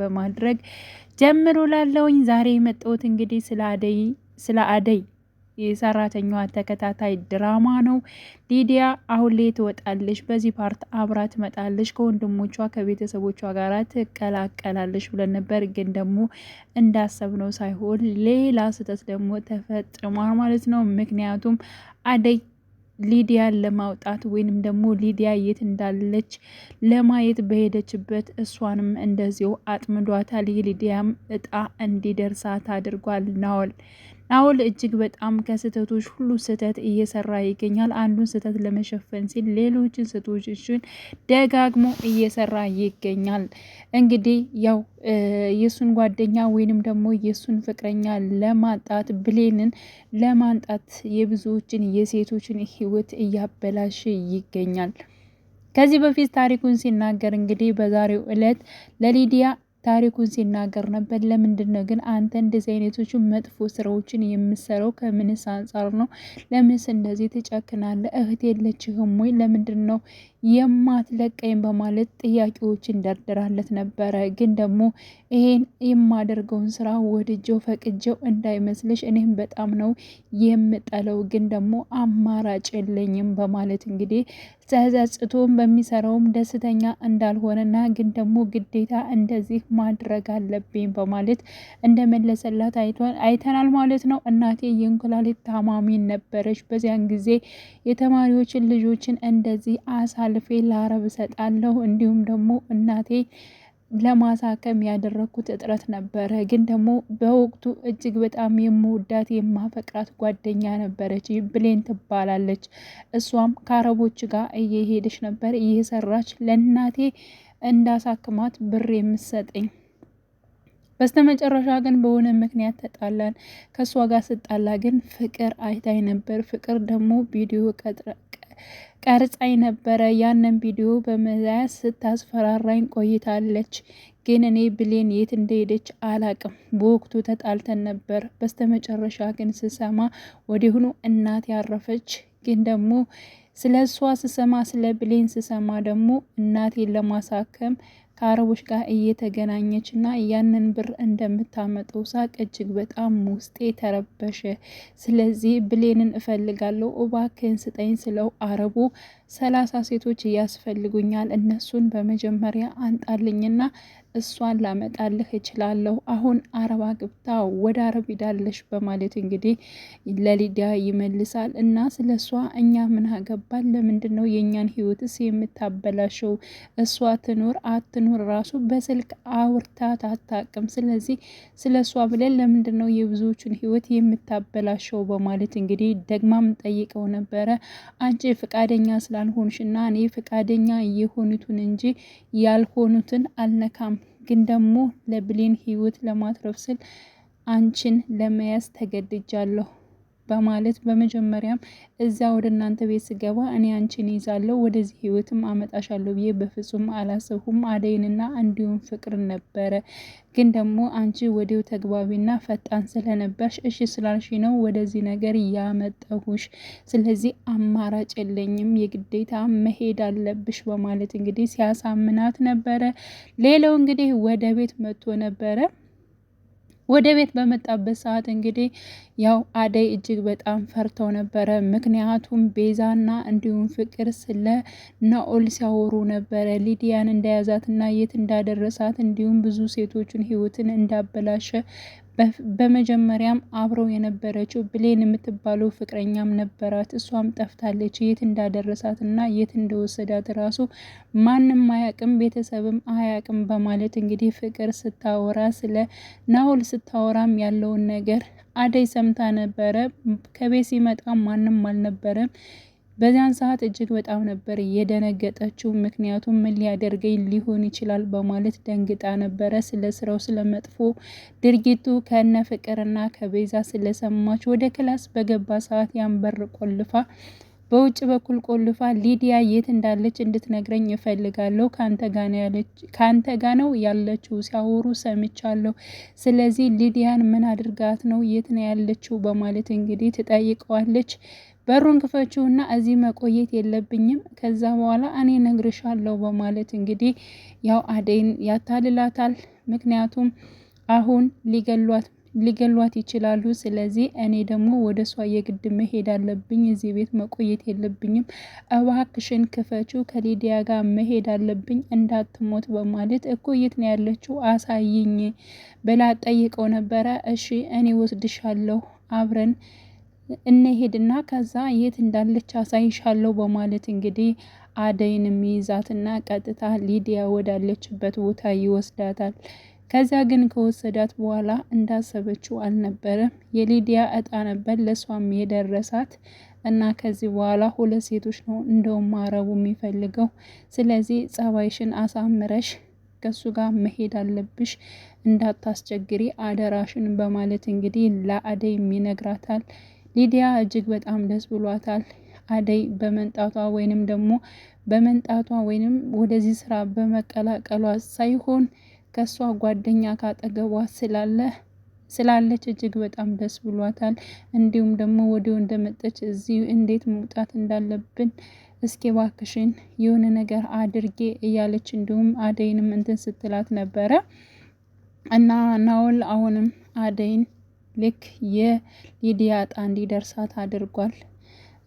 በማድረግ ጀምሮ ላለውኝ ዛሬ የመጣሁት እንግዲህ ስለ አደይ ስለ አደይ የሰራተኛዋ ተከታታይ ድራማ ነው። ሊዲያ አሁን ላይ ትወጣለች፣ በዚህ ፓርት አብራ ትመጣለች፣ ከወንድሞቿ ከቤተሰቦቿ ጋር ትቀላቀላለች ብለን ነበር። ግን ደግሞ እንዳሰብነው ሳይሆን ሌላ ስህተት ደግሞ ተፈጥሟል ማለት ነው። ምክንያቱም አደይ ሊዲያን ለማውጣት ወይንም ደግሞ ሊዲያ የት እንዳለች ለማየት በሄደችበት እሷንም እንደዚሁ አጥምዷታል። የሊዲያም እጣ እንዲደርሳት አድርጓል ናወል። ናኦል እጅግ በጣም ከስህተቶች ሁሉ ስህተት እየሰራ ይገኛል። አንዱን ስህተት ለመሸፈን ሲል ሌሎችን ስህተቶችን ደጋግሞ እየሰራ ይገኛል። እንግዲህ ያው የሱን ጓደኛ ወይንም ደግሞ የሱን ፍቅረኛ ለማጣት ብሌንን ለማንጣት የብዙዎችን የሴቶችን ህይወት እያበላሽ ይገኛል። ከዚህ በፊት ታሪኩን ሲናገር እንግዲህ በዛሬው እለት ለሊዲያ ታሪኩን ሲናገር ነበር። ለምንድን ነው ግን አንተ እንደዚህ አይነቶቹ መጥፎ ስራዎችን የምሰራው? ከምንስ አንጻር ነው? ለምንስ እንደዚህ ትጨክናለህ? እህት የለችህም ወይ? ለምንድን ነው የማትለቀኝ በማለት ጥያቄዎችን ደርድራለት ነበረ። ግን ደግሞ ይሄን የማደርገውን ስራ ወድጀው ፈቅጀው እንዳይመስልሽ እኔም በጣም ነው የምጠለው፣ ግን ደግሞ አማራጭ የለኝም በማለት እንግዲህ ተጸጽቶም በሚሰራውም ደስተኛ እንዳልሆነና ግን ደግሞ ግዴታ እንደዚህ ማድረግ አለብኝ በማለት እንደመለሰላት አይተናል ማለት ነው። እናቴ የእንኩላሊት ታማሚ ነበረች። በዚያን ጊዜ የተማሪዎችን ልጆችን እንደዚህ አሳ አሳልፌ ለአረብ እሰጣለሁ። እንዲሁም ደግሞ እናቴ ለማሳከም ያደረግኩት እጥረት ነበረ። ግን ደግሞ በወቅቱ እጅግ በጣም የምወዳት የማፈቅራት ጓደኛ ነበረች፣ ብሌን ትባላለች። እሷም ከአረቦች ጋር እየሄደች ነበር እየሰራች ለእናቴ እንዳሳክማት ብር የምሰጠኝ። በስተመጨረሻ ግን በሆነ ምክንያት ተጣላን። ከእሷ ጋር ስጣላ ግን ፍቅር አይታይ ነበር። ፍቅር ደግሞ ቪዲዮ ቀርጻኝ ነበረ። ያንን ቪዲዮ በመያዝ ስታስፈራራኝ ቆይታለች። ግን እኔ ብሌን የት እንደሄደች አላቅም። በወቅቱ ተጣልተን ነበር። በስተመጨረሻ ግን ስሰማ ወዲሁኑ እናት ያረፈች። ግን ደግሞ ስለ እሷ ስሰማ ስለ ብሌን ስሰማ ደግሞ እናቴን ለማሳከም ከአረቦች ጋር እየተገናኘች እና ያንን ብር እንደምታመጠው ሳቅ እጅግ በጣም ውስጤ ተረበሸ። ስለዚህ ብሌንን እፈልጋለሁ እባክህን ስጠኝ ስለው አረቡ ሰላሳ ሴቶች ያስፈልጉኛል እነሱን በመጀመሪያ አንጣልኝና እሷን ላመጣልህ እችላለሁ። አሁን አረባ ግብታ ወደ አረብ ሄዳለሽ በማለት እንግዲህ ለሊዲያ ይመልሳል እና ስለ እሷ እኛ ምን አገባን? ለምንድን ነው የእኛን ህይወትስ የምታበላሸው? እሷ ትኑር አትኑር ራሱ በስልክ አውርታት አታቅም። ስለዚህ ስለ እሷ ብለን ለምንድን ነው የብዙዎቹን ህይወት የምታበላሸው? በማለት እንግዲህ ደግማም ጠይቀው ነበረ አንቺ ፍቃደኛ ስላ ስላልሆንሽና እኔ ፈቃደኛ የሆኑትን እንጂ ያልሆኑትን አልነካም። ግን ደግሞ ለብሌን ህይወት ለማትረፍ ስል አንቺን ለመያዝ ተገድጃለሁ። በማለት በመጀመሪያም እዛ ወደ እናንተ ቤት ስገባ እኔ አንቺን ይዛለሁ ወደዚህ ህይወትም አመጣሻለሁ ብዬ በፍጹም አላሰሁም አደይንና እንዲሁም ፍቅር ነበረ። ግን ደግሞ አንቺ ወዲው ተግባቢና ፈጣን ስለነበርሽ እሺ ስላልሽ ነው ወደዚህ ነገር ያመጣሁሽ። ስለዚህ አማራጭ የለኝም፣ የግዴታ መሄድ አለብሽ በማለት እንግዲህ ሲያሳምናት ነበረ። ሌላው እንግዲህ ወደ ቤት መጥቶ ነበረ። ወደ ቤት በመጣበት ሰዓት እንግዲህ ያው አደይ እጅግ በጣም ፈርተው ነበረ። ምክንያቱም ቤዛና እንዲሁም ፍቅር ስለ ናኦል ሲያወሩ ነበረ። ሊዲያን እንደያዛትና የት እንዳደረሳት እንዲሁም ብዙ ሴቶችን ሕይወትን እንዳበላሸ በመጀመሪያም አብረው የነበረችው ብሌን የምትባለው ፍቅረኛም ነበራት። እሷም ጠፍታለች። የት እንዳደረሳት እና የት እንደወሰዳት ራሱ ማንም አያቅም፣ ቤተሰብም አያቅም በማለት እንግዲህ ፍቅር ስታወራ ስለ ናውል ስታወራም ያለውን ነገር አደይ ሰምታ ነበረ። ከቤት ሲመጣ ማንም አልነበረም። በዚያን ሰዓት እጅግ በጣም ነበር የደነገጠችው። ምክንያቱም ምን ሊያደርገኝ ሊሆን ይችላል በማለት ደንግጣ ነበረ። ስለ ስራው ስለመጥፎ ድርጊቱ ከነ ፍቅርና ከቤዛ ስለሰማች ወደ ክላስ በገባ ሰዓት ያንበር ቆልፋ በውጭ በኩል ቆልፋ ሊዲያ የት እንዳለች እንድትነግረኝ እፈልጋለሁ። ከአንተ ጋ ነው ያለችው ሲያወሩ ሰምቻለሁ። ስለዚህ ሊዲያን ምን አድርጋት ነው? የት ነው ያለችው? በማለት እንግዲህ ትጠይቀዋለች። በሩን ክፈችውና እዚህ መቆየት የለብኝም ከዛ በኋላ እኔ ነግርሻለሁ በማለት እንግዲህ ያው አደይን ያታልላታል። ምክንያቱም አሁን ሊገሏት ሊገሏት ይችላሉ። ስለዚህ እኔ ደግሞ ወደ እሷ የግድ መሄድ አለብኝ፣ እዚህ ቤት መቆየት የለብኝም፣ እባክሽን ክፈችው፣ ከሊዲያ ጋር መሄድ አለብኝ እንዳትሞት በማለት እኮ የት ነው ያለችው አሳይኝ ብላ ጠይቀው ነበረ። እሺ እኔ ወስድሻለሁ አብረን እንሄድና ከዛ የት እንዳለች አሳይሻለሁ በማለት እንግዲህ አደይን ይይዛትና ቀጥታ ሊዲያ ወዳለችበት ቦታ ይወስዳታል። ከዚያ ግን ከወሰዳት በኋላ እንዳሰበችው አልነበረም። የሊዲያ እጣ ነበር ለእሷም የደረሳት እና ከዚህ በኋላ ሁለት ሴቶች ነው እንደውም አረቡ የሚፈልገው። ስለዚህ ጸባይሽን አሳምረሽ ከሱ ጋር መሄድ አለብሽ፣ እንዳታስቸግሪ አደራሽን በማለት እንግዲህ ለአደይም ይነግራታል። ሊዲያ እጅግ በጣም ደስ ብሏታል። አደይ በመንጣቷ ወይንም ደግሞ በመንጣቷ ወይንም ወደዚህ ስራ በመቀላቀሏ ሳይሆን ከእሷ ጓደኛ ካጠገቧ ስላለ ስላለች እጅግ በጣም ደስ ብሏታል። እንዲሁም ደግሞ ወዲሁ እንደመጠች እዚህ እንዴት መውጣት እንዳለብን እስኪ ባክሽን የሆነ ነገር አድርጌ እያለች እንዲሁም አደይንም እንትን ስትላት ነበረ እና ናውል አሁንም አደይን ልክ የሊዲያ ዕጣ እንዲደርሳት አድርጓል።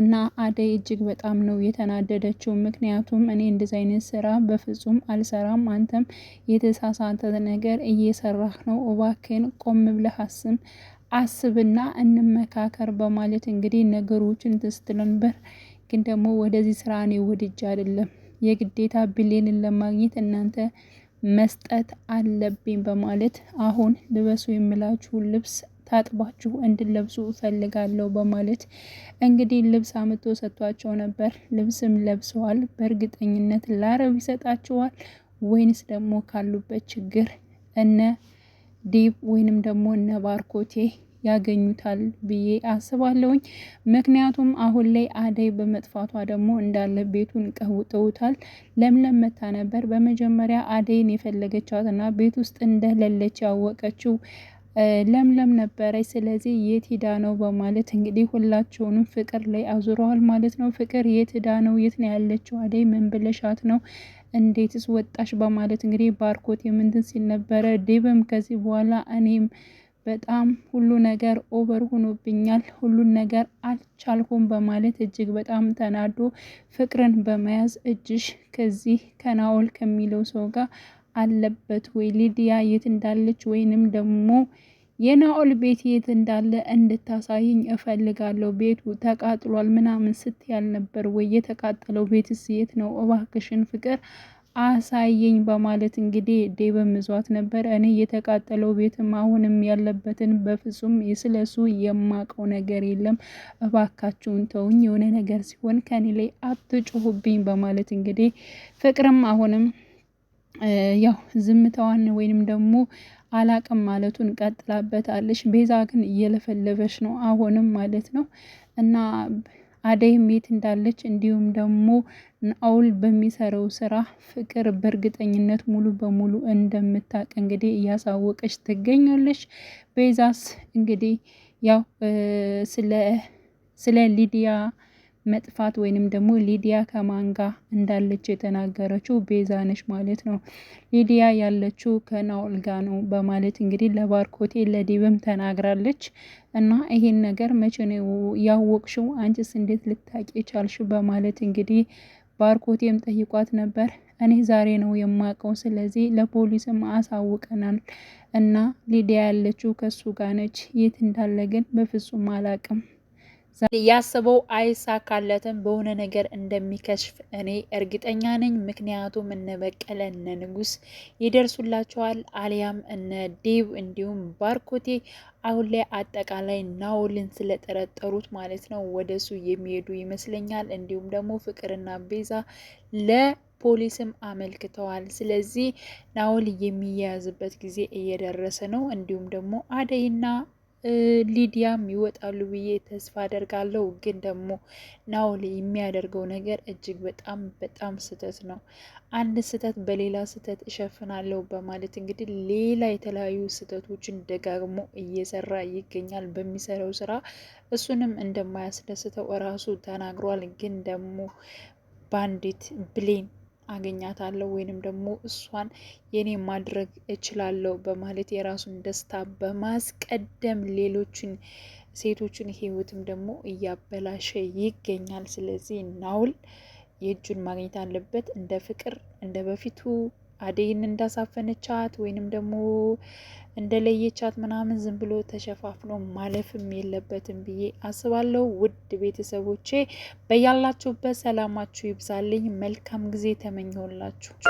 እና አደይ እጅግ በጣም ነው የተናደደችው። ምክንያቱም እኔ እንደዚህ አይነት ስራ በፍጹም አልሰራም፣ አንተም የተሳሳተ ነገር እየሰራህ ነው፣ እባክህን ቆም ብለህ አስብ አስብና እንመካከር በማለት እንግዲህ ነገሮችን ትስትለንበር ግን ደግሞ ወደዚህ ስራ እኔ ወድጄ አይደለም የግዴታ ብሌንን ለማግኘት እናንተ መስጠት አለብኝ በማለት አሁን ልበሱ የምላችሁ ልብስ ታጥባችሁ እንድለብሱ እፈልጋለሁ በማለት እንግዲህ ልብስ አምቶ ሰጥቷቸው ነበር። ልብስም ለብሰዋል። በእርግጠኝነት ለአረብ ይሰጣቸዋል ወይንስ ደግሞ ካሉበት ችግር እነ ዴቭ ወይንም ደግሞ እነ ባርኮቴ ያገኙታል ብዬ አስባለሁኝ። ምክንያቱም አሁን ላይ አደይ በመጥፋቷ ደግሞ እንዳለ ቤቱን ቀውጠውታል። ለምለም መታ ነበር። በመጀመሪያ አደይን የፈለገቻትና ቤት ውስጥ እንደሌለች ያወቀችው ለምለም ነበረች። ስለዚህ የት ሄዳ ነው በማለት እንግዲህ ሁላቸውንም ፍቅር ላይ አዙረዋል ማለት ነው። ፍቅር የት ሄዳ ነው? የት ነው ያለችው? አደይ ምን ብለሻት ነው? እንዴትስ ወጣሽ? በማለት እንግዲህ ባርኮት የምንትን ሲል ነበረ። ዴብም ከዚህ በኋላ እኔም በጣም ሁሉ ነገር ኦቨር ሆኖብኛል፣ ሁሉን ነገር አልቻልኩም በማለት እጅግ በጣም ተናዶ ፍቅርን በመያዝ እጅሽ ከዚህ ከናኦል ከሚለው ሰው ጋር አለበት ወይ ሊዲያ የት እንዳለች ወይንም ደግሞ የናኦል ቤት የት እንዳለ እንድታሳይኝ እፈልጋለሁ። ቤቱ ተቃጥሏል ምናምን ስትያል ነበር ወይ? የተቃጠለው ቤትስ የት ነው? እባክሽን ፍቅር አሳየኝ በማለት እንግዲህ ዴብም ይዟት ነበር። እኔ የተቃጠለው ቤትም አሁንም ያለበትን በፍጹም ስለሱ የማውቀው ነገር የለም፣ እባካችሁን ተውኝ፣ የሆነ ነገር ሲሆን ከኔ ላይ አትጩሁብኝ በማለት እንግዲህ ፍቅርም አሁንም ያው ዝምታዋን ወይንም ደግሞ አላቅም ማለቱን ቀጥላበታለች። ቤዛ ግን እየለፈለበች ነው አሁንም ማለት ነው እና አደይም የት እንዳለች እንዲሁም ደግሞ ናኦል በሚሰራው ስራ ፍቅር በእርግጠኝነት ሙሉ በሙሉ እንደምታቅ እንግዲህ እያሳወቀች ትገኛለች። ቤዛስ እንግዲህ ያው ስለ ስለ ሊዲያ መጥፋት ወይንም ደግሞ ሊዲያ ከማን ጋር እንዳለች የተናገረችው ቤዛ ነች ማለት ነው። ሊዲያ ያለችው ከናኦል ጋ ነው በማለት እንግዲህ ለባርኮቴ ለዲብም ተናግራለች። እና ይሄን ነገር መቼ ነው ያወቅሽው? አንቺስ እንዴት ልታቂ ቻልሽ? በማለት እንግዲህ ባርኮቴም ጠይቋት ነበር። እኔ ዛሬ ነው የማውቀው፣ ስለዚህ ለፖሊስም አሳውቀናል እና ሊዲያ ያለችው ከሱ ጋር ነች። የት እንዳለ ግን በፍጹም አላውቅም ያስበው አይሳካለትም፣ በሆነ ነገር እንደሚከሽፍ እኔ እርግጠኛ ነኝ። ምክንያቱም እነ በቀለ እነ ንጉስ ይደርሱላቸዋል፣ አሊያም እነ ዴቭ እንዲሁም ባርኮቴ አሁን ላይ አጠቃላይ ናውልን ስለጠረጠሩት ማለት ነው ወደሱ የሚሄዱ ይመስለኛል። እንዲሁም ደግሞ ፍቅርና ቤዛ ለ ፖሊስም አመልክተዋል። ስለዚህ ናውል የሚያያዝበት ጊዜ እየደረሰ ነው። እንዲሁም ደግሞ አደይና ሊዲያም ይወጣሉ ብዬ ተስፋ አደርጋለሁ። ግን ደግሞ ናውል የሚያደርገው ነገር እጅግ በጣም በጣም ስህተት ነው። አንድ ስህተት በሌላ ስህተት እሸፍናለሁ በማለት እንግዲህ ሌላ የተለያዩ ስህተቶችን ደጋግሞ እየሰራ ይገኛል። በሚሰራው ስራ እሱንም እንደማያስደስተው እራሱ ተናግሯል። ግን ደግሞ ባንዲት ብሌን አገኛታለሁ ወይንም ደግሞ እሷን የኔ ማድረግ እችላለሁ በማለት የራሱን ደስታ በማስቀደም ሌሎችን ሴቶችን ህይወትም ደግሞ እያበላሸ ይገኛል። ስለዚህ ናውል የእጁን ማግኘት አለበት እንደ ፍቅር እንደ በፊቱ አደይን እንዳሳፈነቻት ወይንም ደግሞ እንደለየቻት ምናምን ዝም ብሎ ተሸፋፍኖ ማለፍም የለበትም ብዬ አስባለሁ። ውድ ቤተሰቦቼ በያላችሁበት ሰላማችሁ ይብዛልኝ። መልካም ጊዜ ተመኘሁላችሁ።